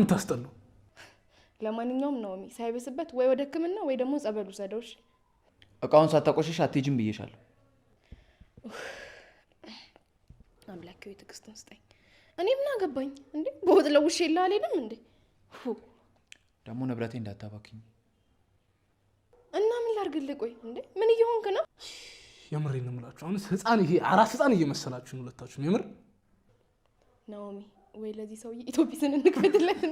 ነው የምታስጠላው። ለማንኛውም ናኦሚ ሳይበስበት ወይ ወደ ሕክምና ወይ ደግሞ ጸበሉ ውሰደው። እቃውን ሳታቆሸሽ አትሄጂም ብዬሻለሁ። አምላኬ ወይ ትዕግስትን ስጠኝ። እኔ ምን አገባኝ እንዴ? በወጥ ለውሽ የለ አልሄድም እንዴ? ደግሞ ንብረቴ እንዳታባክኝ እና ምን ላድርግልህ? ቆይ እንዴ ምን እየሆንክ ነው? የምሬን ነው የምላችሁ። አሁንስ ህፃን ይሄ አራስ ህፃን እየመሰላችሁ ሁለታችሁም የምር ናኦሚ ወይ ለዚህ ሰውዬ ቢዝን እንክፈትለት።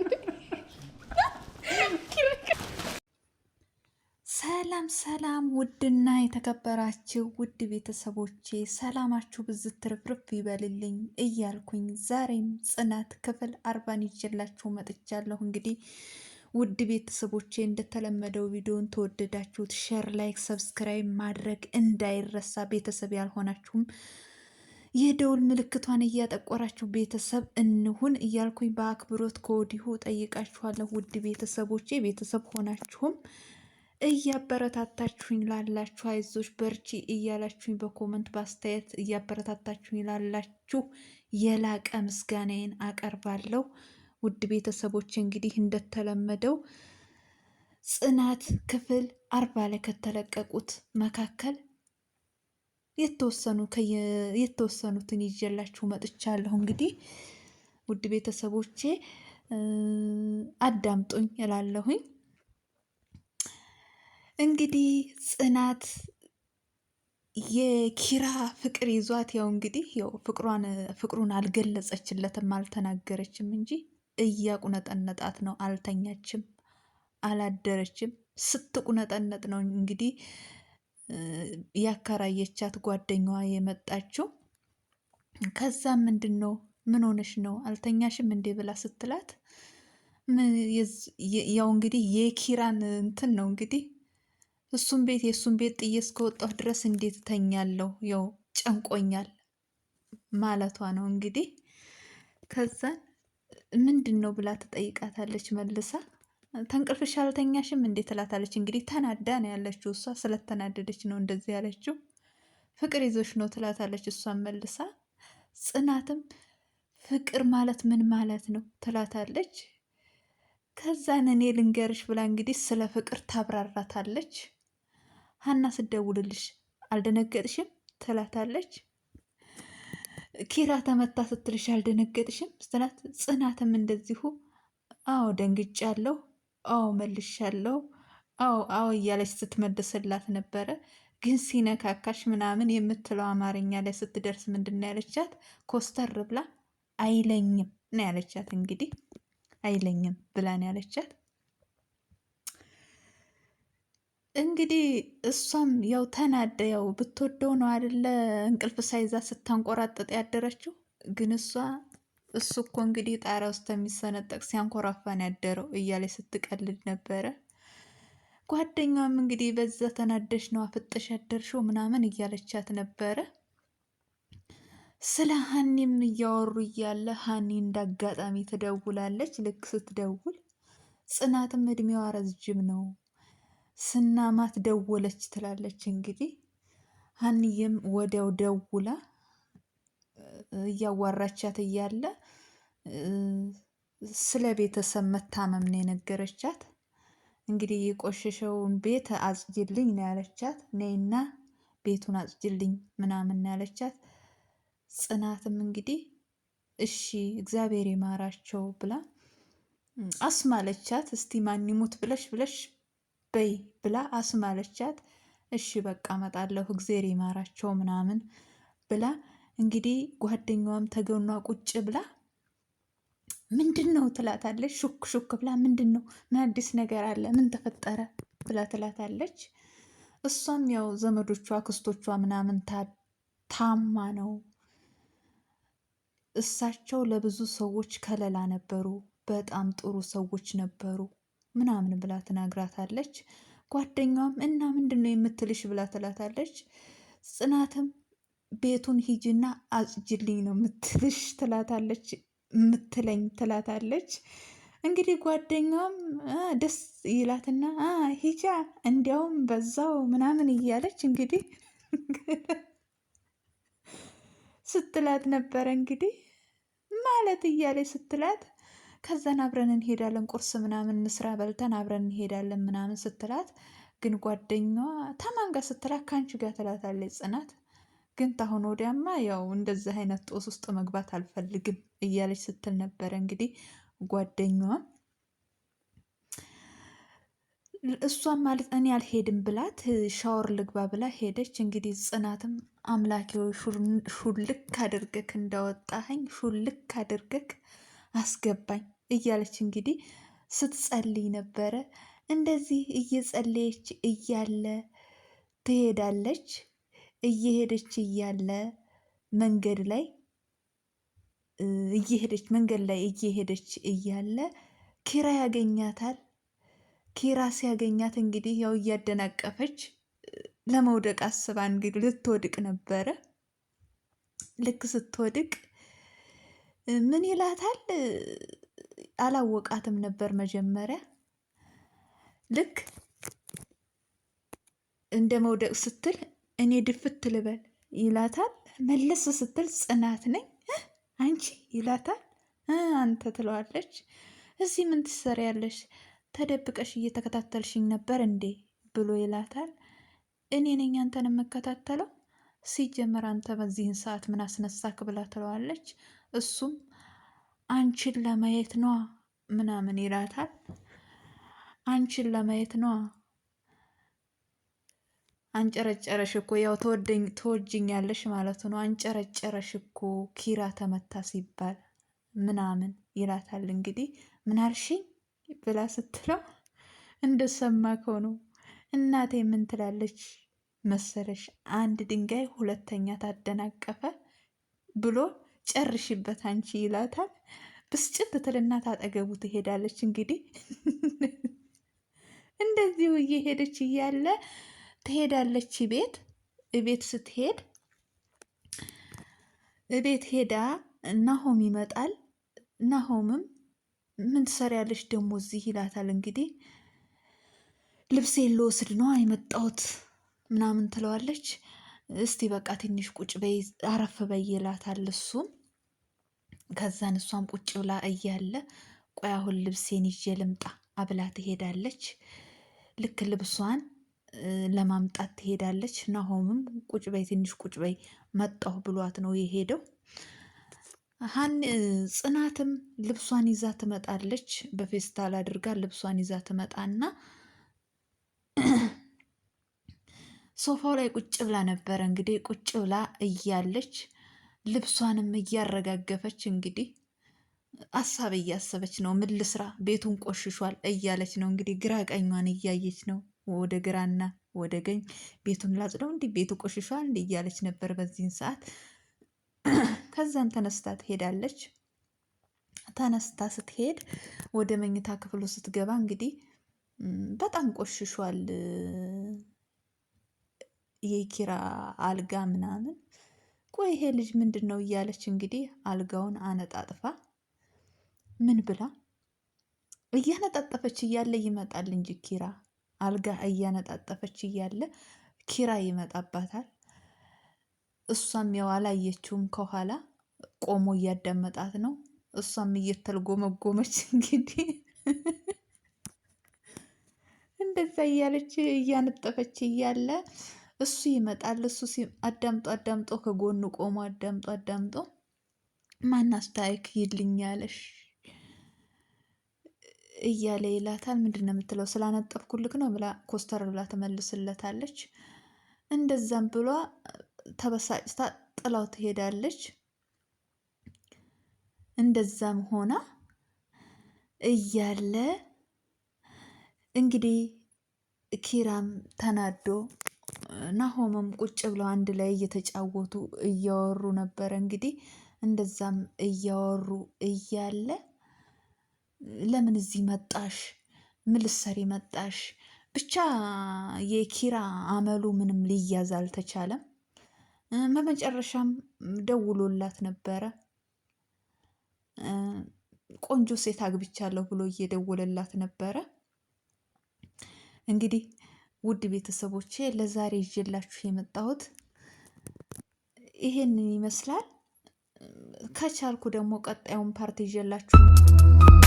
ሰላም ሰላም፣ ውድና የተከበራችሁ ውድ ቤተሰቦቼ ሰላማችሁ ብዝት ትርፍርፍ ይበልልኝ እያልኩኝ ዛሬም ጽናት ክፍል አርባን ይዤላችሁ መጥቻለሁ። እንግዲህ ውድ ቤተሰቦቼ እንደተለመደው ቪዲዮን ተወደዳችሁት ሸር፣ ላይክ፣ ሰብስክራይብ ማድረግ እንዳይረሳ። ቤተሰብ ያልሆናችሁም የደውል ምልክቷን እያጠቆራችሁ ቤተሰብ እንሁን እያልኩኝ በአክብሮት ከወዲሁ ጠይቃችኋለሁ። ውድ ቤተሰቦቼ ቤተሰብ ሆናችሁም እያበረታታችሁኝ ላላችሁ አይዞች በርቺ እያላችሁኝ በኮመንት በአስተያየት እያበረታታችሁኝ ላላችሁ የላቀ ምስጋናዬን አቀርባለሁ። ውድ ቤተሰቦች እንግዲህ እንደተለመደው ጽናት ክፍል አርባ ላይ ከተለቀቁት መካከል የተወሰኑ የተወሰኑትን ይዤላችሁ መጥቻለሁ። እንግዲህ ውድ ቤተሰቦቼ አዳምጡኝ እላለሁኝ። እንግዲህ ጽናት የኪራ ፍቅር ይዟት ያው እንግዲህ ያው ፍቅሯን ፍቅሩን አልገለጸችለትም አልተናገረችም እንጂ እያቁነጠነጣት ነው። አልተኛችም፣ አላደረችም። ስትቁነጠነጥ ነው እንግዲህ ያከራየቻት ጓደኛዋ የመጣችው ከዛ ምንድን ነው ምን ሆነሽ ነው አልተኛሽም እንዴ ብላ ስትላት ያው እንግዲህ የኪራን እንትን ነው እንግዲህ እሱም ቤት የእሱም ቤት ጥዬ እስከወጣሁ ድረስ እንዴት እተኛለሁ ያው ጨንቆኛል ማለቷ ነው እንግዲህ ከዛን ምንድን ነው ብላ ትጠይቃታለች መልሳ ተንቅልፍሽ አልተኛሽም እንዴ ትላታለች። እንግዲህ ተናዳ ነው ያለችው። እሷ ስለተናደደች ነው እንደዚህ ያለችው። ፍቅር ይዞሽ ነው ትላታለች እሷን መልሳ። ጽናትም ፍቅር ማለት ምን ማለት ነው ትላታለች። ከዛን እኔ ልንገርሽ ብላ እንግዲህ ስለ ፍቅር ታብራራታለች። ሀና ስደውልልሽ አልደነገጥሽም ትላታለች። ኪራ ተመታ ስትልሽ አልደነገጥሽም ስትላት ጽናትም እንደዚሁ አዎ ደንግጫለሁ አዎ መልሻለሁ፣ አዎ አዎ እያለች ስትመልስላት ነበረ። ግን ሲነካካሽ ምናምን የምትለው አማርኛ ላይ ስትደርስ ምንድን ነው ያለቻት? ኮስተር ብላ አይለኝም ነው ያለቻት። እንግዲህ አይለኝም ብላ ነው ያለቻት። እንግዲህ እሷም ያው ተናደ ያው ብትወደው ነው አደለ እንቅልፍ ሳይዛ ስታንቆራጠጥ ያደረችው። ግን እሷ እሱ እኮ እንግዲህ ጣሪያ ውስጥ ሲያንኮራፋ ነው ያደረው እያለች ስትቀልድ ነበረ። ጓደኛዋም እንግዲህ በዛ ተናደሽ ነው አፍጠሽ ያደርሽው ምናምን እያለቻት ነበረ። ስለ ሀኒም እያወሩ እያለ ሀኒ እንዳጋጣሚ ትደውላለች። ልክ ስትደውል ጽናትም እድሜዋ ረዝጅም ነው ስናማት ደወለች ትላለች። እንግዲህ ሀኒም ወዲያው ደውላ እያዋራቻት እያለ ስለ ቤተሰብ መታመም ነው የነገረቻት። እንግዲህ የቆሸሸውን ቤት አጽጅልኝ ነው ያለቻት። ነይና ቤቱን አጽጅልኝ ምናምን ነው ያለቻት። ጽናትም እንግዲህ እሺ እግዚአብሔር ይማራቸው ብላ አስማለቻት። እስቲ ማን ይሙት ብለሽ ብለሽ በይ ብላ አስማለቻት። እሺ በቃ እመጣለሁ እግዚአብሔር ይማራቸው ምናምን ብላ እንግዲህ ጓደኛዋም ተገኗ ቁጭ ብላ ምንድን ነው ትላታለች። ሹክ ሹክ ብላ ምንድን ነው ምን አዲስ ነገር አለ ምን ተፈጠረ ብላ ትላታለች። እሷም ያው ዘመዶቿ ክስቶቿ ምናምን ታማ ነው። እሳቸው ለብዙ ሰዎች ከለላ ነበሩ፣ በጣም ጥሩ ሰዎች ነበሩ ምናምን ብላ ትናግራታለች። ጓደኛዋም እና ምንድን ነው የምትልሽ ብላ ትላታለች። ጽናትም ቤቱን ሂጂና አጽጅልኝ ነው ምትልሽ ትላታለች ምትለኝ ትላታለች። እንግዲህ ጓደኛዋም ደስ ይላትና ሂጃ እንዲያውም በዛው ምናምን እያለች እንግዲህ ስትላት ነበረ እንግዲህ ማለት እያለች ስትላት ከዛን አብረን እንሄዳለን ቁርስ ምናምን እንስራ በልተን አብረን እንሄዳለን ምናምን ስትላት ግን ጓደኛዋ ተማን ጋር ስትላት ከአንቺ ጋር ትላታለች ጽናት ግን ታሁን ወዲያማ ያው እንደዚህ አይነት ጦስ ውስጥ መግባት አልፈልግም እያለች ስትል ነበረ። እንግዲህ ጓደኛዋ እሷም ማለት እኔ አልሄድም ብላት ሻወር ልግባ ብላ ሄደች። እንግዲህ ጽናትም አምላኬው ሹልክ አድርገክ እንዳወጣኸኝ ሹልክ አድርገክ አስገባኝ እያለች እንግዲህ ስትጸልይ ነበረ። እንደዚህ እየጸለየች እያለ ትሄዳለች። እየሄደች እያለ መንገድ ላይ እየሄደች መንገድ ላይ እየሄደች እያለ ኪራ ያገኛታል። ኪራ ሲያገኛት እንግዲህ ያው እያደናቀፈች ለመውደቅ አስባ እንግዲህ ልትወድቅ ነበረ። ልክ ስትወድቅ ምን ይላታል አላወቃትም ነበር መጀመሪያ። ልክ እንደ መውደቅ ስትል እኔ ድፍት ልበል ይላታል። መለስ ስትል ጽናት ነኝ አንቺ ይላታል። አንተ ትለዋለች። እዚህ ምን ትሰሪያለሽ? ተደብቀሽ እየተከታተልሽኝ ነበር እንዴ ብሎ ይላታል። እኔ ነኝ አንተን የምከታተለው ሲጀመር አንተ በዚህን ሰዓት ምን አስነሳክ ብላ ትለዋለች። እሱም አንቺን ለማየት ነዋ ምናምን ይላታል። አንቺን ለማየት ነዋ አንጨረጨረሽ እኮ ያው ተወጅኛለሽ ማለት ነው። አንጨረጨረሽ እኮ ኪራ ተመታ ሲባል ምናምን ይላታል። እንግዲህ ምናልሽኝ ብላ ስትለው እንደሰማ ከሆኑ እናቴ ምን ትላለች መሰለሽ? አንድ ድንጋይ ሁለተኛ ታደናቀፈ ብሎ ጨርሽበት አንቺ ይላታል። ብስጭት እናት አጠገቡ ትሄዳለች። እንግዲህ እንደዚሁ እየሄደች እያለ ትሄዳለች ቤት ቤት ስትሄድ ቤት ሄዳ ናሆም ይመጣል። ናሆምም ምን ትሰሪያለች ደግሞ እዚህ ይላታል። እንግዲህ ልብሴ ልወስድ ነው የመጣሁት ምናምን ትለዋለች። እስቲ በቃ ትንሽ ቁጭ በይ አረፍ በይ ይላታል እሱም ከዛን እሷም ቁጭ ብላ እያለ ቆይ አሁን ልብሴን ይዤ ልምጣ አብላ ትሄዳለች። ልክ ልብሷን ለማምጣት ትሄዳለች። ናሆምም ቁጭ በይ ትንሽ ቁጭ በይ መጣሁ ብሏት ነው የሄደው። ሀን ጽናትም ልብሷን ይዛ ትመጣለች። በፌስታል አድርጋ ልብሷን ይዛ ትመጣና ሶፋው ላይ ቁጭ ብላ ነበረ። እንግዲህ ቁጭ ብላ እያለች ልብሷንም እያረጋገፈች እንግዲህ አሳብ እያሰበች ነው። ምን ልስራ፣ ቤቱን ቆሽሿል እያለች ነው እንግዲህ ግራ ቀኟን እያየች ነው። ወደ ግራና ወደ ገኝ ቤቱን ላጽደው እንዲህ ቤቱ ቆሽሿል እንዲህ እያለች ነበር በዚህን ሰዓት። ከዛም ተነስታ ትሄዳለች። ተነስታ ስትሄድ ወደ መኝታ ክፍሉ ስትገባ እንግዲህ በጣም ቆሽሿል የኪራ አልጋ ምናምን። ቆይ ይሄ ልጅ ምንድን ነው እያለች እንግዲህ አልጋውን አነጣጥፋ ምን ብላ እያነጣጠፈች እያለ ይመጣል እንጂ ኪራ አልጋ እያነጣጠፈች እያለ ኪራ ይመጣባታል። እሷም ያው አላየችውም፣ ከኋላ ቆሞ እያዳመጣት ነው። እሷም እየተልጎመጎመች እንግዲህ እንደዛ እያለች እያነጠፈች እያለ እሱ ይመጣል። እሱ አዳምጦ አዳምጦ ከጎኑ ቆሞ አዳምጦ አዳምጦ ማናስታይክ ይልኛለሽ እያለ ይላታል። ምንድን ነው የምትለው? ስላነጠፍኩልክ ነው ብላ ኮስተር ብላ ትመልስለታለች። እንደዛም ብሏ ተበሳጭታ ጥላው ትሄዳለች። እንደዛም ሆና እያለ እንግዲህ ኪራም ተናዶ ናሆምም ቁጭ ብለው አንድ ላይ እየተጫወቱ እያወሩ ነበረ። እንግዲህ እንደዛም እያወሩ እያለ ለምን እዚህ መጣሽ? ምን ልትሰሪ መጣሽ? ብቻ የኪራ አመሉ ምንም ሊያዝ አልተቻለም። በመጨረሻም ደውሎላት ነበረ። ቆንጆ ሴት አግብቻለሁ ብሎ እየደወለላት ነበረ። እንግዲህ ውድ ቤተሰቦቼ ለዛሬ ይዤላችሁ የመጣሁት ይሄንን ይመስላል። ከቻልኩ ደግሞ ቀጣዩን ፓርቲ ይዤላችሁ